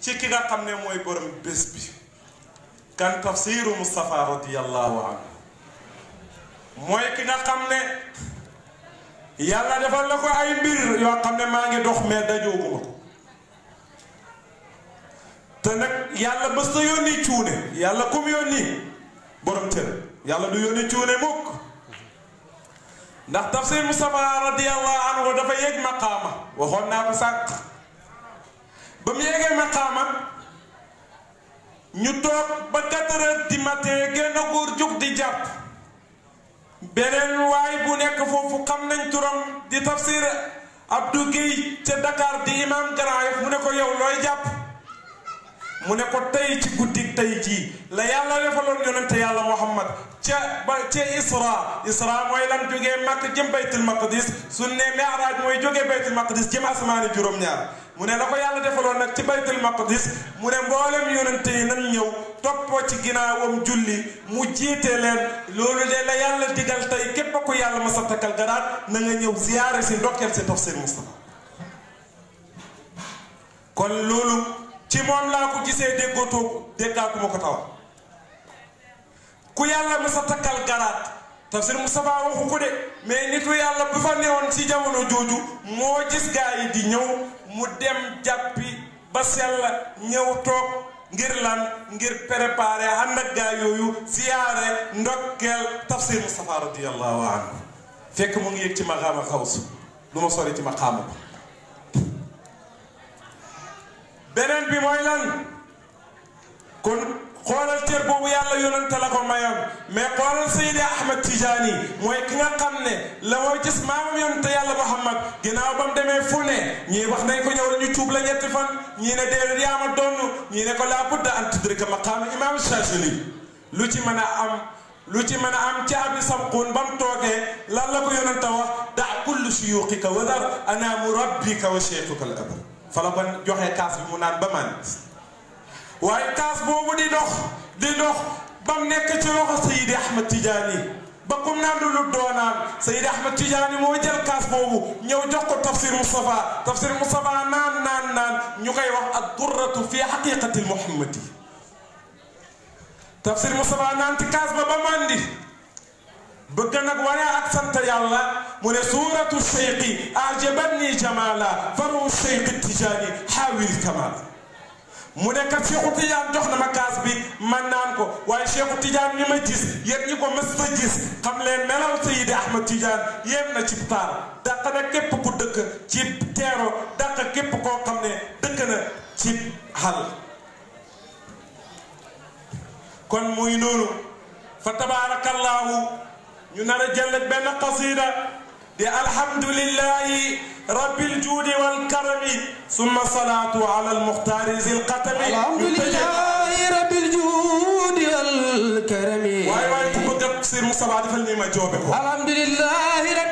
ci ki nga xam ne mooy borom bés bi kan tafsiru Moustapha radiyallahu anhu mooy ki nga xam ne yàlla defal la ko ay mbir yoo xam ne maa ngi dox mais dajooguma ko te nag yàlla bés yónni cuune yàlla kum yónni borom tër yàlla du yónni cuune mukk ndax tafsir Moustapha radiyallahu anhu dafa yéeg maqaama waxoon naa ko sànq ba mu yeggee maqaama ñu toog ba quatre heures du matin génn góor jug di jàpp beneen waay bu nekk foofu xam nañ turam di tafsir Abdou Guèye ca Dakar di imam Grand Yoff mu ne ko yow looy jàpp mu ne ko tey ci guddi tey jii la yàlla defaloon yonente yàlla muhammad ca ba ca isra isra mooy lan jógee màkk jëm baytul maqdis su ne mi'raaj mooy jógee baytul maqdis jëm asamaani juróom-ñaar mu ne la ko yàlla defaloon nag ci baytul maqdis mu ne mboolem yonente yi nan ñëw toppoo ci ginnaawam julli mu jiite leen loolu de la yàlla digal tey képp ku yàlla ma sa takkal garaat ñëw ziyaare si ndokkeel si tafsir Mustafa kon loolu ci moom laa ko gisee déggootoo déggaatuma ko taw ku yàlla ma sa takkal garaat tafsir Moustapha waxu ko de mais nitu yàlla bu fa newoon ci jamono jooju moo gis gaa yi di ñëw mu dem jàppi ba sell ñëw toog ngir lan ngir préparer ànd ak gaa yooyu siyaare ndokkeel tafsir Moustapha radiyallahu anhu fekk mu ngi yëg ci maqaama xawsu du ma sori ci maqaama ko beneen bi mooy lan kon xoolal cër boobu yàlla yonante la ko mayoon mais xoolal Seydi Ahmed Tijaani mooy ki nga xam ne la mooy gis maamam yonante yàlla Muhammad ginnaaw ba mu demee fu ne ñii wax nañ ko ñëw la ñu tuub la ñetti fan ñii ne déedéet yaa ma donn ñii ne ko laa budda an tudrika maqaama imaam Shaazili lu ci mën a am lu ci mën a am caabi samquun ba mu toogee lan la ko yonante wax da kullu suyuuqika wa dar anaamu rabbika wa sheexuka al fa la ba joxee kaas bi mu naan ba man waaye kaas boobu di dox di dox bam nekk ci loxo Seydi Ahmed Tidiane ba kum naan lu lu doonaan Seydi Ahmed Tidiane moo jël kaas boobu ñëw jox ko tafsir Moustapha tafsir naan naan naan ñu koy wax ak fi haqiqati Muhammadi tafsir Moustapha naan ci kaas ba ba mandi bëgg nag wane ak sant yàlla mu ne suuratu cheyqi ajabatni jamala faru cheyqi tijaani xaawil kamal mu ne kat Cheikhu Tidiane jox na ma kaas bi man naan ko waaye Cheikhu Tidiane ñi ma gis yéen ñi ko mës ma gis xam leen melaw Seydi Ahmad Tidiane yéem na ci taar dàq na képp ku dëkk ci teero dàq képp koo xam ne dëkk na ci xal kon muy noonu fa tabaarakallaahu ñu nar a jël benn qasida di alhamdulillahi rabbil juudi wal karami summa salaatu ala almuxtaari zil qatami alhamdulillahi rabbil juudi wal karami waay waay ku bëgg Sëriñ Moustapha defal nii ma joobe ko alhamdulillahi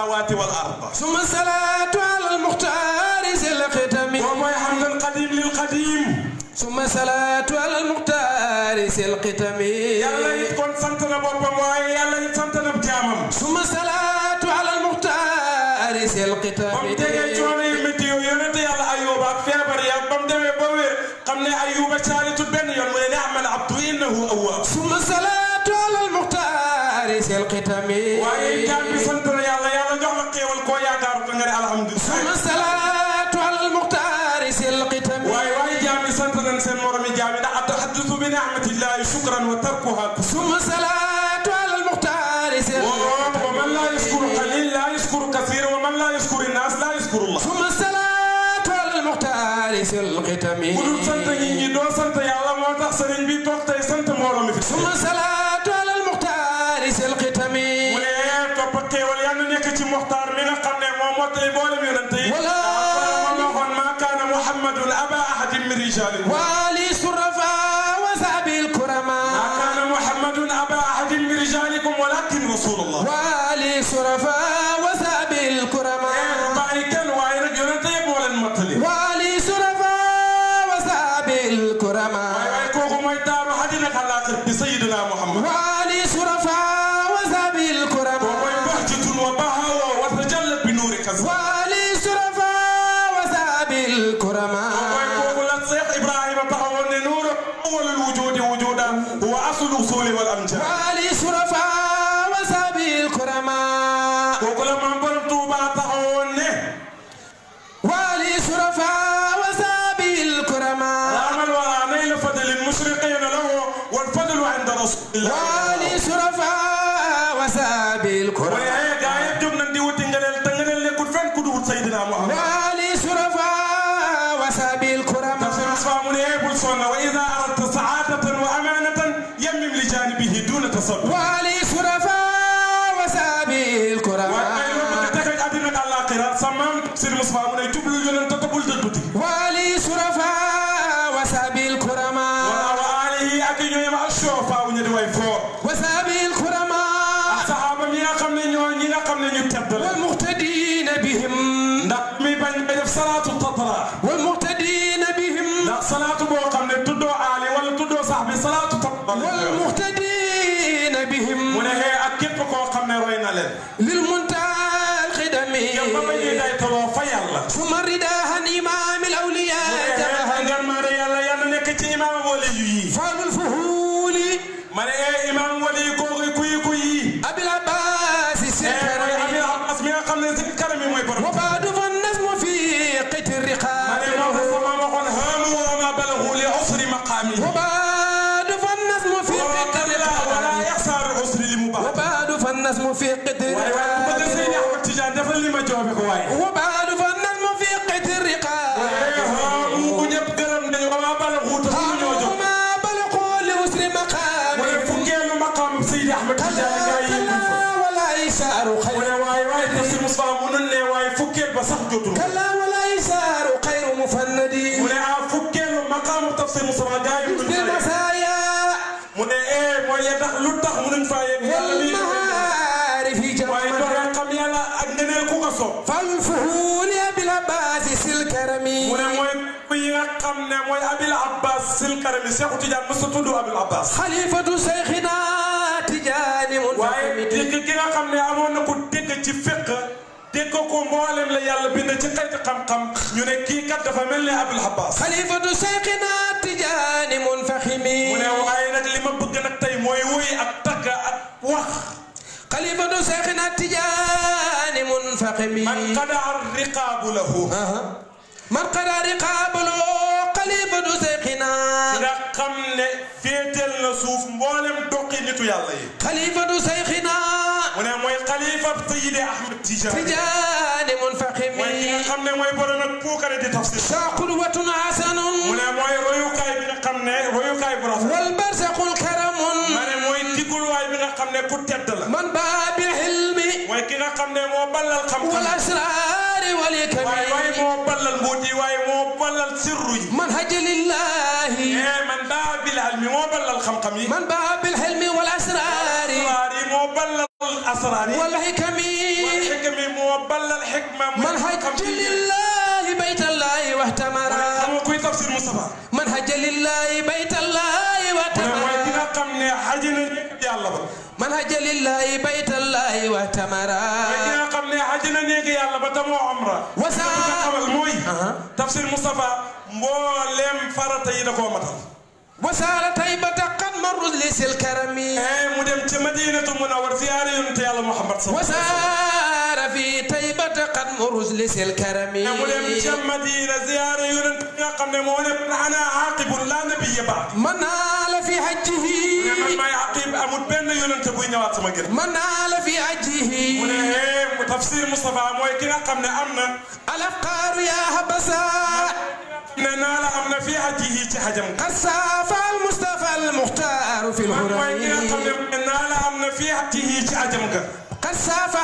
samawati wal ard suma salatu ala al mukhtar zil qitam wa ma hamdan qadim lil qadim suma salatu ala al mukhtar zil qitam ربها ثم صلاة على المختار ومن لا يشكر قليل لا يشكر كثير ومن لا يشكر الناس لا يشكر الله ثم صلاة على المختار الختم lil jotul. kallaa walaay saaru xayru mufannadi. mu ne ah fukkeelu maqaamu tafsir Moustapha Gaye. mu ne eh mooy ya tax lu tax mënuñ faa yegg. waaye doxee xam yàlla ak neneen ku ko soob. fal fuhuuli abil abbas sil karami. mu ne mooy kuy nga xam ne mooy abil abbas sil karami Cheikh Tidiane mos a tudd abil abbas. xalifatu Cheikhina Tidiane. waaye ki nga xam ne amoon na ku rek la yàlla bind ci xeeti xam-xam ñu ne kii kat dafa mel ne Abdul Abbas. xalifatu Seyxina Tijaani munfaximi. mu ne waaye nag li ma bëgg nag tey mooy woy ak tagg ak wax. xalifatu Seyxina Tijaani munfaximi. man qadaar riqaabu lahu. man qadaar riqaabu lahu xalifatu Seyxina. nga xam ne féetel na suuf mboolem doqi nitu yàlla yi. xalifatu Seyxina. mu ne mooy xalifa Sayyidi Ahmad Tijaani. xam ne mooy borom ak puukare di tafsir. sa qudwatun hasanun. mu ne mooy royukaay bi nga xam ne royukaay bu rafet. wal barzaqul karamun. ma ne mooy digluwaay bi nga xam ne ku tedd la. man baa bi hilmi. mooy ki nga xam ne moo ballal xam-xam. wal asraari wal hikami. waaye waaye moo ballal mbuut yi waaye moo ballal sirru yi. man haja lillahi. eh man baa bil hilmi moo ballal xam-xam yi. man baa bil hilmi wal asraari. wal asraari moo ballal asraari. wal hikami. ballal xikma man hajja lillaahi baytallaahi waxtamara xam kuy tafsir Mustafa man hajja lillaahi baytallaahi waxtamara mooy ki nga xam ne xaj na yàlla ba man hajja lillaahi baytallaahi waxtamara mooy ki nga xam ne xaj na néeg yàlla ba tamoo umra wasaa mooy tafsir Mustafa mbooleem farata yi da koo matal wasaala taybata qad marru lisil karami mu dem ca madinatu munawwar ziyaare yonent yàlla Muhammad hibbata qad murus li sil karami mu dem ca Madina ziyaara yonent bi nga xam ne moo ne ana aqibun la nabiyya ba'di man ala fi hajjihi man may aqib amul benn yonent buy ñëwaat sama gën man ala fi hajjihi mu ne hee eh, tafsir Mustafa mooy ki nga xam ne am na alafqaar ya habasa ne naa la am na fi hajjihi ci hajam qad saafa al Mustafa al Muxtaar fi al-hurami mooy ki nga xam ne naa la am na fi hajjihi ci hajam ga qad saafa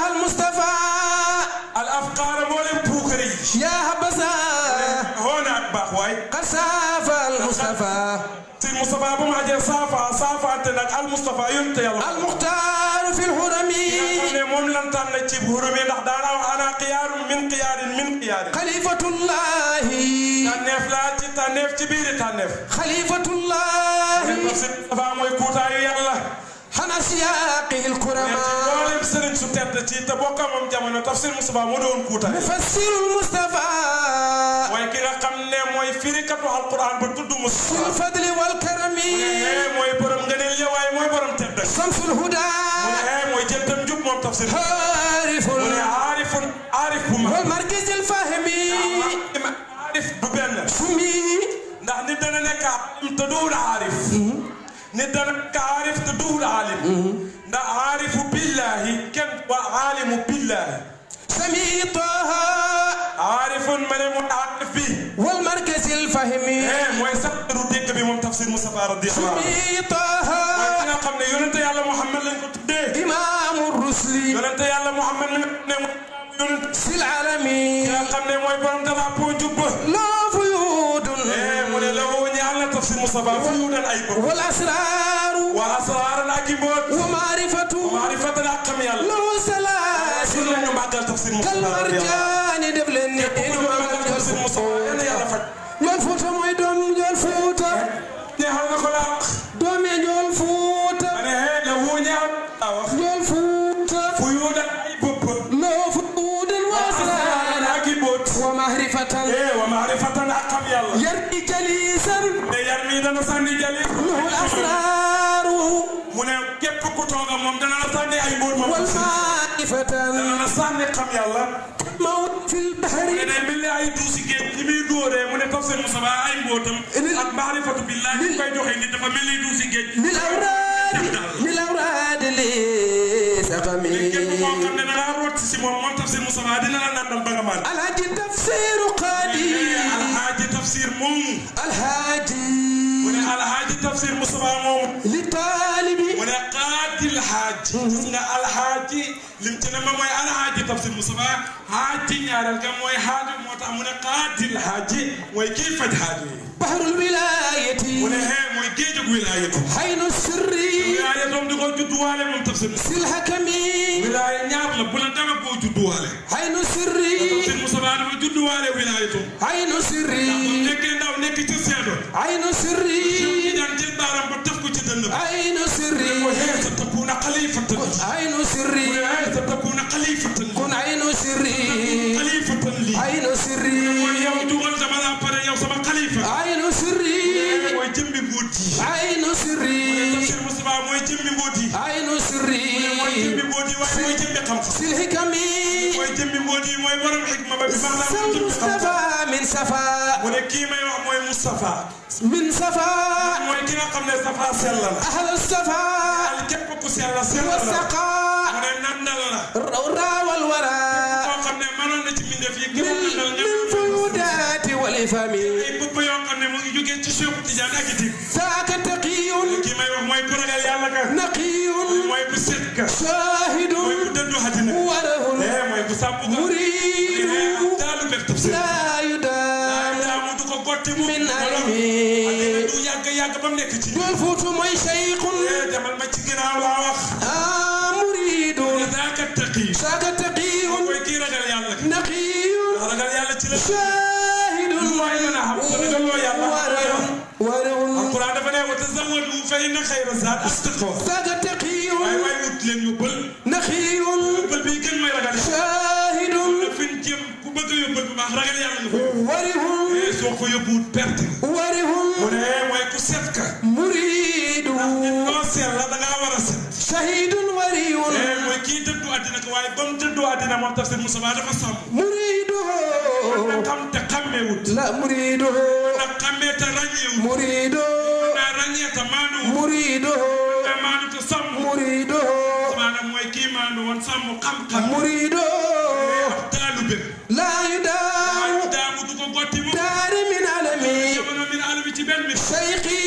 Mustafa bu ma ajee saafa saafante nag al Mustafa yonent Yàlla al Muxtaar fil xurami ne moom lan tànn ci xurami ndax daana wax ana xiyaarun min xiyaarin min xiyaarin xalifatullahi tànneef laa ci tànneef ci biiri tànneef xalifatullahi dafa mooy kuutaayu Yàlla asyaaqi alkuramaa mboolem sëriñ su tedd ci te bokk ak moom jamono tafsir Mustafa moo doon kuutaay mufassirul Mustafa waaye ki nga xam ne mooy firikatu alquran ba tudd Mustafa sul fadli wal karami mooy borom ngëneel ya waaye mooy borom tedd samsul huda mooy jëntam jub moom tafsir aariful aarifun aarif bu ma wal markizil fahimi aarif du benn sumi ndax nit dana nekk te doowul aarif ne dana ka aarif te duhul aalim mhm. ndax aarifu billahi kenn wa aalimu billahi sami taha aarifun ma ne mu aarif bi wal markazil fahimi eh, mooy saru dégg bi moom tafsir Moustapha radiyallahu anhu sami taha mooy nga xam ne yonente yàlla Muhammad lañ ko tuddee imaamu rusli yonente yàlla Muhammad ne yonente sil alami nga xam ne mooy borom dara po jub wal asraaru wa asraaran ak mboot wa maarifatu wa maarifatan ak xam yàlla law salaasi lañu màggal tafsir Musaa kal marjaani def leen ni ñu màggal tafsir Musaa yàlla faj ñoon Fuuta xalifataan dana sànni xam yàlla mawt fil bahri ne mel ni ay duusi géej ñi muy dóoree mu ne Pape Serigne Moussa ay mbootam ak maarifatu billahi ñu koy joxe nit dafa mel ni duusi géej lil awraadi lil awraadi li saqami képp koo xam ne da ngaa root si moom moom Pape Serigne Moussa dina la nandal ba nga maan alhaji tafsir qaadi alhaji tafsir moom alhaji alhaji tafsir Moussa moomu li taalibi mu ne qaadil haaj mm-hmm. gis nga benn ma mooy alhaaji tafsir Moustapha haaji ñaareel ga mooy haaji moo tax mu ne qaadil haaji mooy kii faj haaji yi bahrul wilayati mu ne hee mooy géejug wilayati haynu sirri wilaaya doom di ko judduwaale moom tafsir sil hakami wilaaya ñaar la bu la dama koo judduwaale haynu sirri tafsir Moustapha dafa judduwaale wilaayatu haynu sirri nekk ndaw nekk ci seedo haynu sirri sal Moustapha min Safa. mu ne kii may wax mooy Moustapha. min Safa. mooy ki nga xam ne Safa sell la. ahal Safa. al képp ku sell la sell la. wa saqa. mu ne nan dal la. raawal wara. koo xam ne mënoon na ci mbindeef yi. min min fudaati wal ifami. فإن خير الزاد التقوى زاد تقي واي واي وتلن يبل نخي يبل بي كن ماي رغال شاهد فين جيم كو بغا يبل ما رغال يالا واري هو سوق يبوت بيرت واري nee na moom tafsir Moustapha dafa sàmm. murido. mën na xam te xàmmeewut. la murido. mën na xàmmee te ràññeewut. murido. mën naa ràññee te maanduwut. murido. mën naa maandu te sàmm. murido. Moustapha nag mooy kii maandu woon sàmm xam-xam. murido. taalube. laay daamu. laay daamu du ko gotti moom. daari min alami. jamono min alami ci benn bi. sayxi.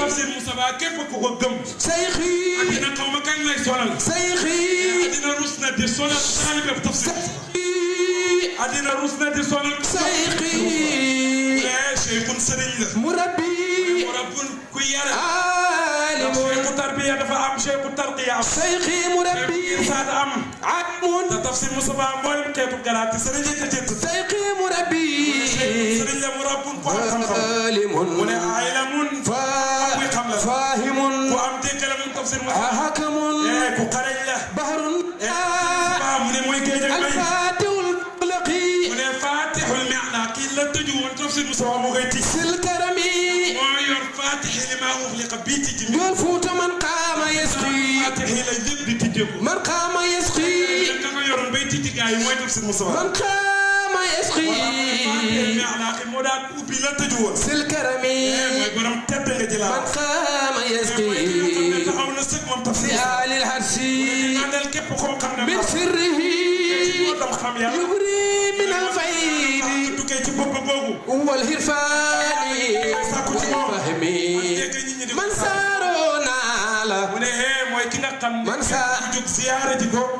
tafsir Moustapha képp ku ko gëm. sayxi. ak dina xaw ma kañ lay solal. sayxi. ruusnati sonal xanaa def tafsir àddina ruusnati sonal sayqi eh cheikhun sëriñ la murabbi murabbun ku yara alim cheikhu tarbiya dafa am cheikhu tarqiya am sayqi murabbi saat am alimun te tafsir Mustafa mboolem xeetu garaati sëriñ la jëjënt sayqi murabbi sëriñ la murabbun ku am xam-xam si Moussa. man xaama esprit. moo daan ubbi la tëju woon. sil karami. Eh, mooy borom tedd nga ji laa. man xaama eh, esprit. taxaw na sëg moom tafsir. si alil hadsi. àndal képp koo xam ne. min sirrihi. Eh, yubri min al faydi. tukkee ci bopp googu. wal hirfaani. sàkku ci moom. fahmi. man saaroo naa la. mu ne hee mooy ki nga xam ne. man saa. jóg siyaare ji ko.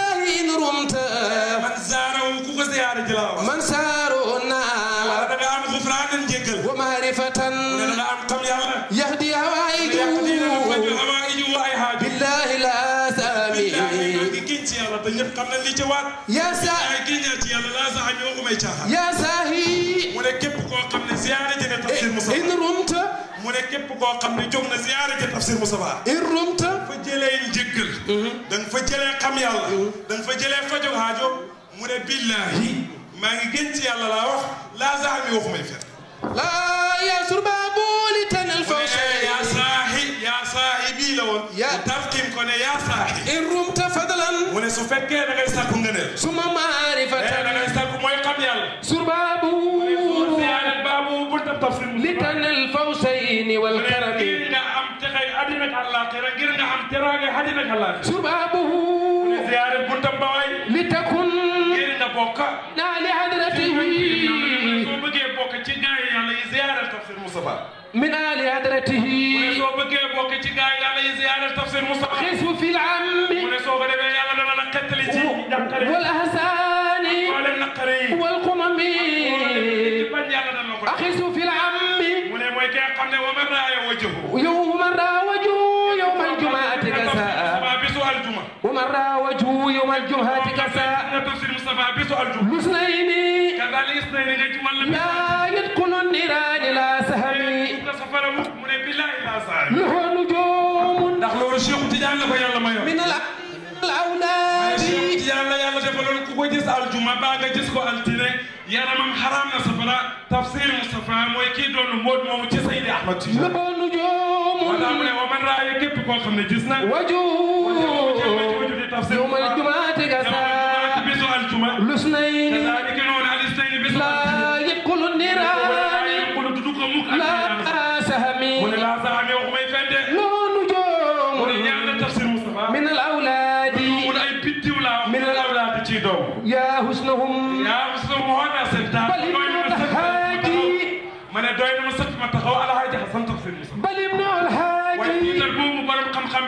koo xam ne jóg na ziyaara ji tafsir Moustapha irrumta fa jëlee njëggal mm-hmm. da nga fa jëlee xam yàlla mm-hmm. da nga fa jëlee fajog haajo mu ne billahi maa ngi gën ci yàlla laa wax laa zahmi waxu may fen laa yasur baabooli tanal faw yaa saahi yaa saahi bii la woon yaa tafkim ko ne yaa saahi irrumta fadlan mu ne su fekkee da ngay sàkku ngëneel suma maarifatan eh, li tanal fawsayni wal karam ngir nga am texay àddina ak àllaaxira ngir nga am teraanga àddina ak àllaaxira subaabuhu ziyaare bu tambawaay li takun ngir nga bokk naa li hadratihi soo bëggee bokk ci gaa yi yàlla yi ziyaare tafsir Mustafa min aali hadratihi soo bëggee bokk ci gaa yi yàlla yi ziyaare tafsir Mustafa xisbu fil ammi soo ko defee yàlla dana la xettali ci wal ahsaani wal qumami xam ne wa man raaya wajhu yow man raaya wajhu yow man jumaati kasa bisu aljuma wa man raaya wajhu yow man jumaati kasa nabsul mustafa bisu aljuma lusnayni kadali isnayni nga jumal la yadkunu nirani la sahami safaramu mu ne billahi la sahami lahu nujum ndax loolu Cheikh Tidiane la ko yàlla mayoon min al awlaadi Cheikh Tidiane la yàlla defaloon ku ko gis aljuma ba nga gis ko altine yaramam xaraam na safara tafsir Mustafa mooy kii doon mbóot moomu ci Seydi Ahmad Tijaan. moo tax mu ne wa man raaya képp koo xam ne gis na. waju.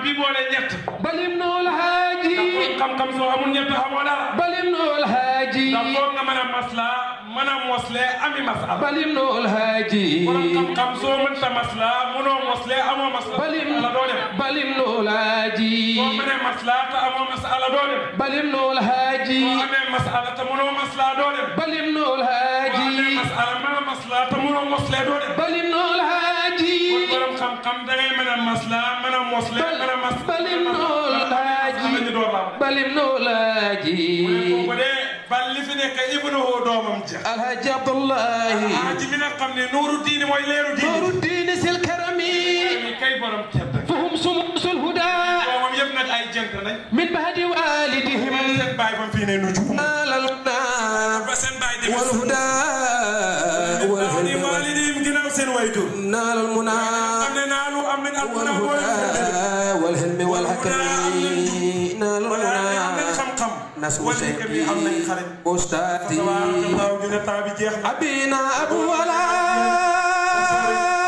bi boole ñett. balim nool haaji. xam-xam soo amul ñett xamoo dara. balim nool haaji. ndax foog nga mën a maslaa mën a mosle ami masala. balim nool haaji. xam-xam soo mënta maslaa mënoo mosle amoo masala. balim ala doo dem. balim nool haaji. soo mënee maslaa te amoo masala doo dem. balim nool haaji. soo amee masala te mënoo maslaa doo dem. balim nool haaji. soo amee masala mën a maslaa te mënoo mosle doo dem. balim nool haaji. kon borom xam-xam da ngay mën a maslaa mën a mosle. salim noolaaji bal li fi nekk ibnuhu doomam ja alhaji abdullahi alhaji mi nga xam ne nuuru diini mooy leeru diini nuuru diini sil karami kay borom tedd fahum sumusul huda moom yëpp nag ay jënt lañ min bahadi walidihim seen baay bam fii ne nu juum alal ba seen baay di wal huda wal huda walidihim ginnaaw seen waytu naalal muna am ne naalu am min al muna نسوس أستاذي أبينا أبو ولا